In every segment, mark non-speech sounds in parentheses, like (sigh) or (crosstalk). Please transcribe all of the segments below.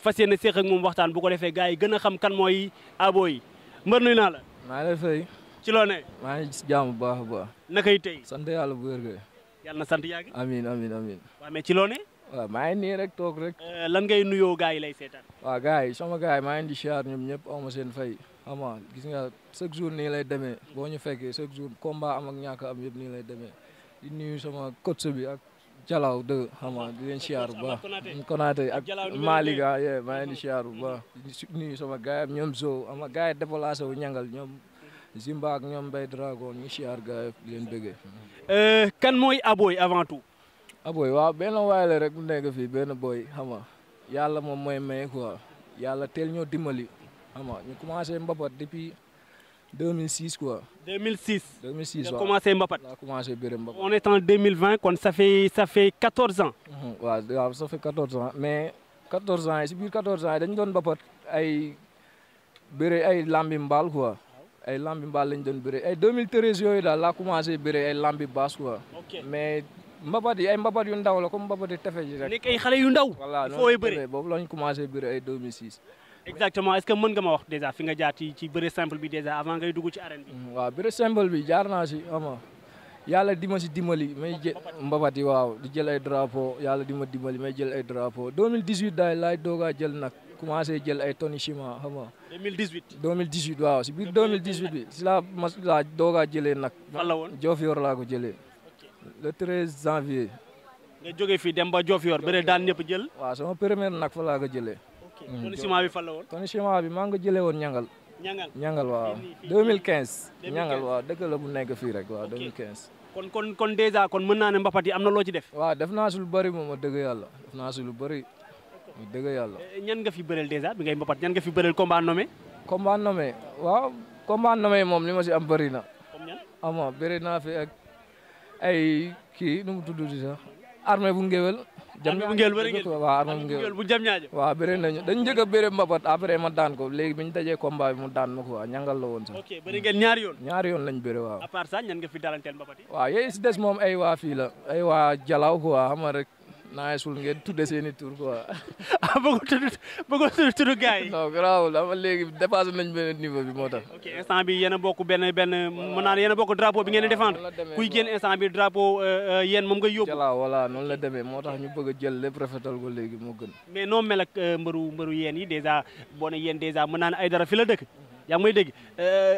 fas yéene séq ak moom waxtaan bu ko defee gars yi gën a xam kan mooy Abo yi mbër nuyu naa la. maa ngi lay fay. ci loo ne. maa ngi gis jàmm bu baax a baax. nakay tey. sant yàlla bu wér kay. yàlla na sant yaa ngi. amiin amiin amiin. waaw mais ci loo ne. waaw maa ngi nii rek toog rek. Euh, lan ngay nuyoo gars yi lay seetaan. waaw gars yi sama gars yi maa ngi di siyaar ñoom ñëpp aw ma seen fay xam nga gis nga chaque jour nii lay demee boo ñu fekkee chaque jour combat am ak ñàkk am yëpp nii lay demee di nuyu sama coach bi ak Jalaw dëgg xam nga di leen siyaar bu baax Konaté ak Maliga yee maa ngi leen di siyaar bu baax nuyu sama gaay yi ñoom Sow ama gaay yi déplacé wu ñangal ñoom Zimba ak ñoom Mbaye Dragon ñu siyaar gaay di leen euh, kan mooy Aboy avant tout. Aboy waaw benn waay la rek bu nekk fii benn boy xam nga yàlla moom mooy may quoi yàlla teel ño dimali xam nga ñu commencé depuis. 2006 quoi. 2006. 2006 waaw commencé Mbapat. waaw commencé bëre Mbapat. on est en 2020 quand ça fait ça fait 14 ans. Ouais, mhm, ça fait 14 ans mais 14 ans c'est bien 14 ans yi dañu doon il ay bëre ay lambi mbaal quoi. ay lambi mbaal lañ doon bëre ay 2013 il a laa commencé bëre ay lambi baas quoi. mais Mbapat yi ay Mbapat yu ndaw la comme Mbapat yi tefe ji rek. nekk ay xale yu ndaw. voilà noonu boobu lañ commencé bëre ay 2006. exactement que mën nga ma wax déjà fi nga jaar ci ci bëre simple bi déjà avant ngay dugg ci arène bi. Mm, waaw bëre simple bi jaar naa si ama yàlla di ma si dimbali may jël mbabat di waaw di jël ay drapeau yàlla di ma dimbali may jël ay drapeau 2018 daay lay doogaa jël nag commencé jël ay tonnes ciment xam nga. 2018 2018 waaw si biir 2018 bi si laa mas laa doogaa jëlee nag. fan la woon Diofior laa ko jëlee. le 13 janvier. nga jógee fii dem ba Diofior bëre daan ñëpp jël. waaw sama première nag fa laa ko jëlee. Mm. kon ciment bi fan la woon. kon ciment bi maa nga ko jëlee woon ñangal. ñangal ñangal waaw 2015. ñangal waaw dëkk la bu nekk fii rek waaw 2015. kon kon kon dèjà kon mën naa ne mbapat yi am na loo ci def. waaw def naa si lu bëri moom wax yàlla def si lu bëri wax dëgg yàlla. Eh, eh, ñan nga fi bëreel dèjà bi ngay mbapat ñan nga fi bëreel combat nommé. combat nommé waaw combat nommé moom li ma si am bëri na. comme ñan ama naa fi ak ay kii nu mu tudd di armee bu ngéwél jam bu ngéwél bëri ngeen waaw armée bu ngéwél bu jam ñaaje waaw bëri nañu dañ njëkk a bëri mbapat après ma daan ko léegi bi ñu dajee combat bi mu daan ma ko waaw ñangal la woon sax ñaar yoon ñaar yoon lañ bëri waaw à part ça ñan si des moom ay waa fii la waa jalaaw quoi xam nga rek naasul ngeen tudde seeni tur quoi. (laughs) ah bëggoon tudd bëggoon tudd turu gars yi. non nañ benn niveau bi moo tax. ok instant bi yéen a bokk benn benn mën naa ne yéen bokk drapeau bi ngeen di défendre. kuy génn instant bi drapeau euh, euh, yéen moom nga yóbbu. jala voilà noonu la demee moo tax ñu bëgg a jël le rafetal ko léegi moo gën. mais noo mel ak euh, mbëru mbëru yéen yi dèjà boo ne yéen dèjà mën naa ne ay dara fi la dëkk. yaa ngi may dégg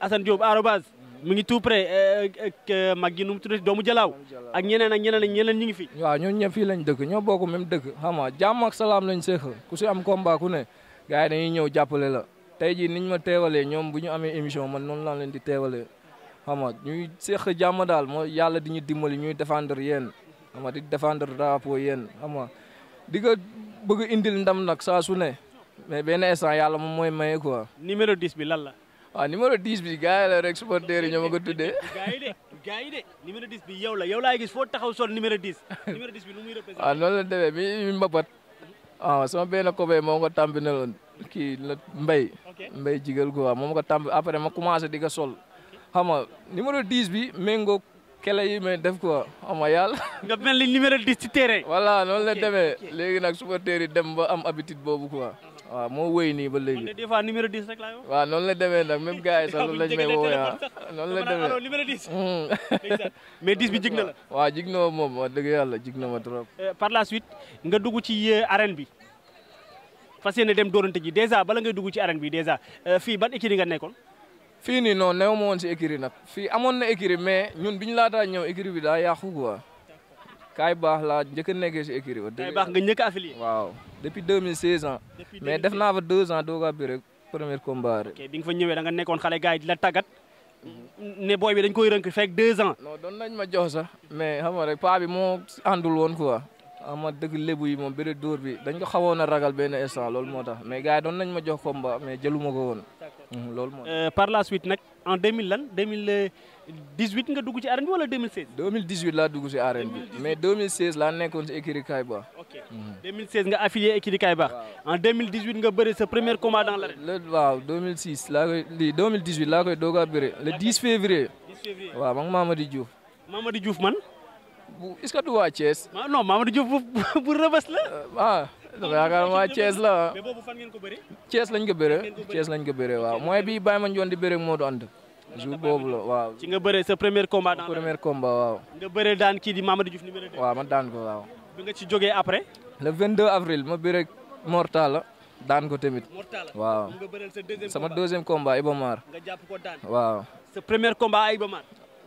Assane Diop arobase mu ngi tout près eh, eh, mag yi nu mu tuddati doomu jalaaw ak ñeneen ak ñeneen ak ñeneen ñi ngi fi. waaw ñoo ñëpp fii lañ dëkk ñoo bokk même dëkk xam nga jàmm ak salaam lañ seex ku si am combat ku ne gars yi dañuy ñëw jàppale la tey jii niñ ma teewalee ñoom bu ñu amee émission man noonu laa leen di teewale xam nga ñuy seex jàmm daal moo yàlla di ñu dimbali ñuy défendre yéen xam di défendre daa yéen xam nga di ko bëgg indil ndam nag saa su ne mais benn instant yàlla moom mooy maye quoi. numéro 10 bi lan la. waa ah, numéro 10 bi gars yi la rek supporters yi ñoo ma ko tuddee. gars yi de gars numéro 10 bi yow la yow laay gis foo taxaw sol numéro 10. numéro 10 bi nu muy représenté. waaw ah, noonu la demee mi mi mbapat waaw ah, sama benn copain moo ko tàmbinaloon kii la mbay mbay jigal ko waaw moom ko tàmb après ma commencé di ko sol xam nga numéro 10 bi méngoo kele yi may def quoi xam nga yàlla. (laughs) nga mel ni numéro 10 ci terrain. voilà noonu la demee léegi nag supporters yi dem ba am habitude boobu quoi. waaw moo woy nii ba léegi. des fois numéro 10 rek laay wax. waaw noonu la demee nag même gars yi sax loolu lañ may woowee ah. noonu la demee alors numéro 10. Hmm. mais 10 bi jig na la. (laughs) waa jig na ma moom wax dëgg yàlla jig na ma trop. Euh, par la suite nga dugg ci euh, arène bi fas yéene dem doorante ji dèjà bala ngay dugg ci arène bi dèjà euh, fii ban écurie nga nekkoon. fii nii non néew ma woon si écurie nag fii amoon na écurie mais ñun bi ñu laataa ñëw écurie bi daa yàqu quoi. kaay baax laa njëkk a nekkee si écurie ba. kaay baax nga njëkk a affilié. waaw depuis 2016 ans. mais def naa fa deux ans doog a bi rek premier combat rek. ok ñëwee da nga nekkoon xale gars di la tàggat. ne booy bi dañ koy rënk fekk deux ans. non doon nañ ma jox sax mais xam nga rek paa bi moo àndul woon quoi. ama dëgg lébu yi moom bëri dóor bi dañ ko xawoon a ragal benn instant loolu moo tax mais gars doon nañ ma jox combat mais jëluma ko woon. Mm, euh, par la suite nag en 2000 lan 2018 euh, nga dugg ci arène bi wala 2016. 2018 laa dugg ci arène bi mais 2016 laa nekkoon ci écurie Kayba. ok 2016 mm. nga affilié nga bëri sa premier combat dans l'arène. waaw 2006 laa koy laa koy doog a bëri le février. waaw man Mamady Diouf. Mamady Diouf man. bu est-ce que du waa Thiès. non Mamadou Diouf bu bu rëbës la. ah, ah yaakaar naa Thiès la. mais boobu fan ngeen ko bëree. Thiès lañ ko bëree Thiès lañ ko bëree waaw mooy bii Baye ma Ndione di bëree moo du ànd. jour boobu la waaw. sa premier combat. sa premier combat waaw. nga bëree daan kii di Mamadou Diouf numéro 2. waaw ma daan ko waaw. bi nga ci jógee après. le 22 avril ma bëree Mortala daan ko tamit. Mortala waaw. nga bëreel sa deuxième sama deuxième combat Ibomar. nga waaw.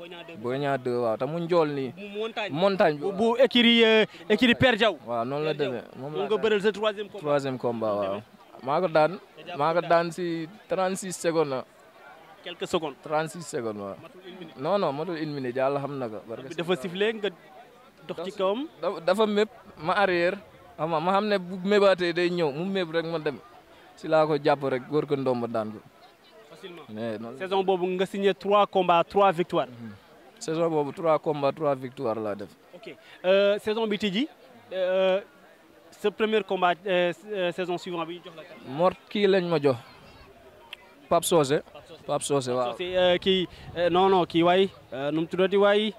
Boy 2 montagne bu euh, non la troisième combat 3e combat waaw. mako 36 secondes la. quelques secondes 36 secondes une minute xam na ko. dafa sifflé nga dox ci kawam. dafa ma arrière ma bu day mu rek saison combats trois victoires. Mhm saison bobu 3 combats 3 victoires la def. ok euh saison bi euh ce premier combat euh, euh, saison suivant bi ñu jox la. mort ki lañ ma jox pap sosé pap sosé waaw kii non non ki way euh, num mu way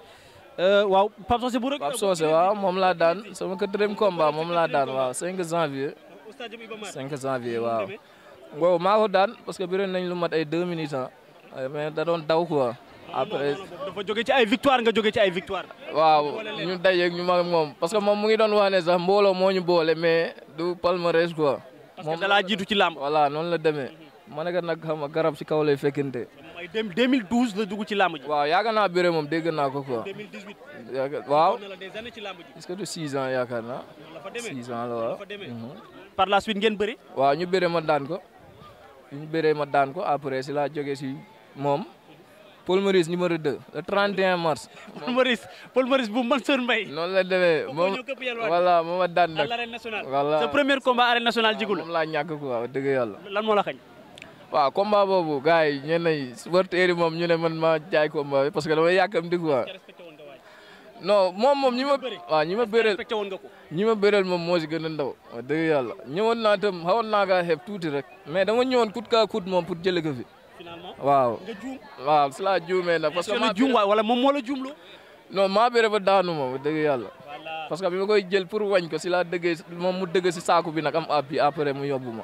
euh waaw pap sosé bu rek. Pape Socé waaw euh, euh, mom la daan sama quatrième combat mom la daan waaw 5 janvier. 5 janvier waaw. waaw maa ko daan parce que bi biroon nañ lu mat ay 2 minutes hein mais da don daw quoi. après dafa joge ci ay victoire nga joge ci ay victoire. waaw ñu dajeeg ñu mag moom parce que moom mu ngi doon wax ne sax mbooloo moo ñu boole mais du palmarès quoi. moom da laa jiitu ci làmb. voilà noonu la demee. ma ne ko nag xam nga garab si kaw lay fekkente. mooy deux 2012 la dugg ci làmb ji. yaakaar naa bëre moom dégg naa ko quoi. 2018. yaakaar waaw. est-ce que du 6 ans yaakaar naa. 6 ans la waaw. Mhm. par ngeen bëri. waaw ñu bëre ma daan ko. ñu bëre ma daan ko après si laa jógee si moom. Paul Maurice numéro 2 le 31 mars. Paul Maurice Paul Maurice bu Mansour Mbaye. noonu la demee moom voilà moom a daan nag. à l'arène nationale sa premier combat arène nationale jigul moom laa ñàkk quoi dëgg yàlla. lan moo la xañ. waaw combat boobu gars yi ñenn ñi supporters yi moom ñu ne man ma jaay combat bi parce que dama yàkkamti quoi. non moom moom ñi ma. waaw ñi ma bëreel ñi ma berel moom moo si gën a ndaw. waaw dëgg yàlla ñëwoon naa itam xawoon naa kaa xeeb tuuti rek. mais dama ñëwoon kut kaa kut moom pour jëlee ko fi. finalement. waaw nga juum. waaw si laa juumee nag. parce que maa juum waay wala moom moo la juumloo. non maa bëre ba daanu ma dëgg yàlla. parce que bi koy jël pour wañ ko si laa dëggee moo mu dëgg si saako bi nag am ab après mu yóbbu ma.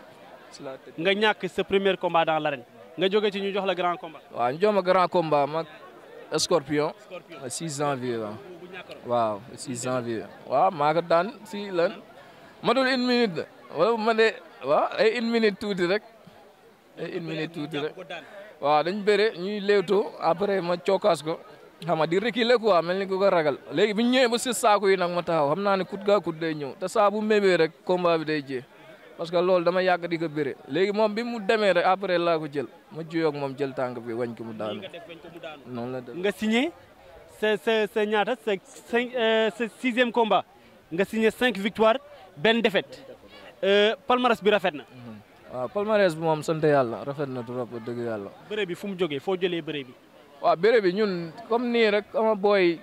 si nga ñàkk sa premier combat dans l'arène nga jóge ci ñu jox la grand combat. waaw ñu grand combat ma Scorpion. Scorpion 6 janvier waaw. maa ko daan si lan. ma dul une minute wala ma ne waaw ay une minute tuuti rek. Eh, une minute tuuti waaw dañ bëre ñuy léewtoo après ma cookaas ko xam nga di reculer quoi mel ni ku ko ragal léegi bi ñu ñëwee ba si saako yi nag ma taxaw xam naa ne kut gaa kut day ñëw te saa bu mébee rek combat bi day jee parce que loolu dama yàgg di ko bëre léegi moom bi mu demee rek après laa ko jël ma juyoo ak moom jël tànk bi wañ ko mu daanu. noonu la nga signé sa sa sa ñaata sa cinq euh, sa sixième combat nga signé cinq victoire benn défaite euh, palmarès bi rafet na. waaw palmarès bi moom sant yàlla rafet na trop dëgg yàlla. bëre bi fu mu jógee foo jëlee bëre bi. waaw bëre bi ñun comme nii rek ama booy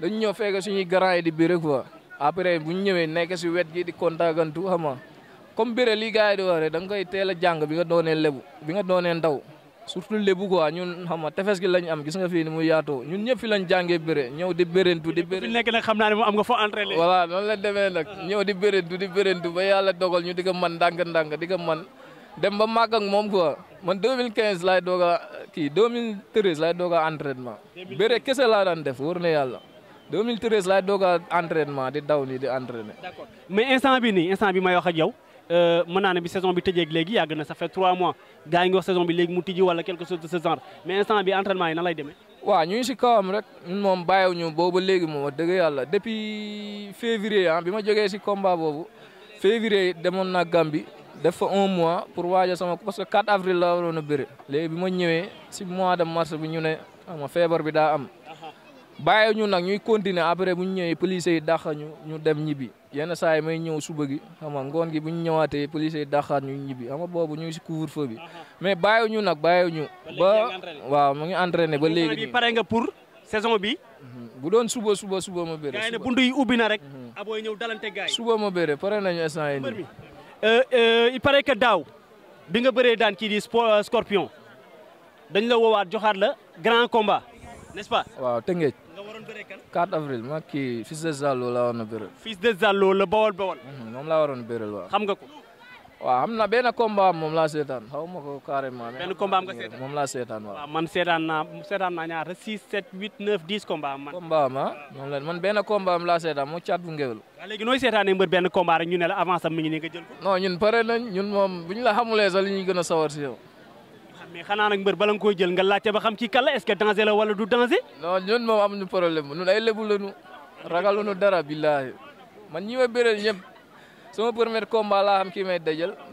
dañu ñëw fekk suñuy garant yi di bëre quoi après bu ñu ñëwee nekk si wet gi di kontagantu xam nga comme bëre lii gars yi di wax rek da nga koy a jàng bi nga doonee lebu bi nga doonee ndaw. surtout lébu quoi ñun xam nga tefes gi lañ am gis nga fii ni muy yaatoo ñun ñëpp fi lañ jàngee bëre ñëw di bërentu di bëre fi nekk nag xam naa ne moom la demee nag di bërentu di bërentu ba yàlla dogal ñu di ko ndànk-ndànk di ko dem ba màgg ak moom quoi man 2015 laay doog a kii 2013 laay doog a entraînement bëre kese laa daan def wóor na yàlla 2013 laay doog a entraînement di daw nii di entraîné d'accord mais instant bi nii instant bi may wax ak yow Euh, mën naa bi saison bi tëjeeg léegi yàgg na ça fait 3 mois gars yi ngi wax saison bi léegi mu tijji wala quelque chose de ce genre mais instant bi entraînement yi nan lay demee. waaw ñu ngi si kawam rek ñun moom bàyyiwuñu boobu léegi moom wax dëgg yàlla depuis février hein ah, bima joggé ci combat bobu février demoon na Gambie def fa un mois pour waaja sama parce que 4 avril la waroon a bëri bima ñëwé ci mois de mars bi ñu né ama ah, feebar bi da am. bàyyi ñu nag ñuy continuer après bu ñu ñëwee police yi dàq ñu ñu dem ñibbi yenn saa yi may ñëw suba gi xam nga ngoon gi bu ñu ñëwaatee police yi dàqaat ñu ñibbi xam boobu ñu ngi si couvre feu bi mais bàyyi ñu nag bàyyi ñu. ba waaw mu ngi entraîné ba léegi. pare nga pour saison bi. Mhm. bu doon suba suba suba ma bëre. suba buntu yi ubbi na rek. Mhm. abooy ñëw dalante gaay suba ma bëre pare nañu instant yi nii. Euh, euh, il paraît que daaw bi nga bëree daan kii di euh, scorpion dañ la woowaat joxaat la grand combat n'est-ce pas. waaw tëngeej waroon bëree kan. 4 ma kii fils de la bawal mhm, waroon bëreel waaw. xam nga ko. waaw na benn combat moom laa seetaan xaw ma ko carrément. benn combat am nga seetaan moom laa seetaan waaw. waaw man seetaan la man benn combat am laa seetaan mu caat bu ngewel. waaw léegi nooy ñu ne la avance pare nañ ñun moom bu ñu la xamulee sax li gën a sawar si yow mais xanaa nag mbër bala nga koy jël nga laajte xam kii kan la est-ce que danger la wala du danger. non ñun moom amuñu problème ñun ay lebu dara billaahi man ñi ma bëreel ñëpp sama premier laa xam kii may dajal.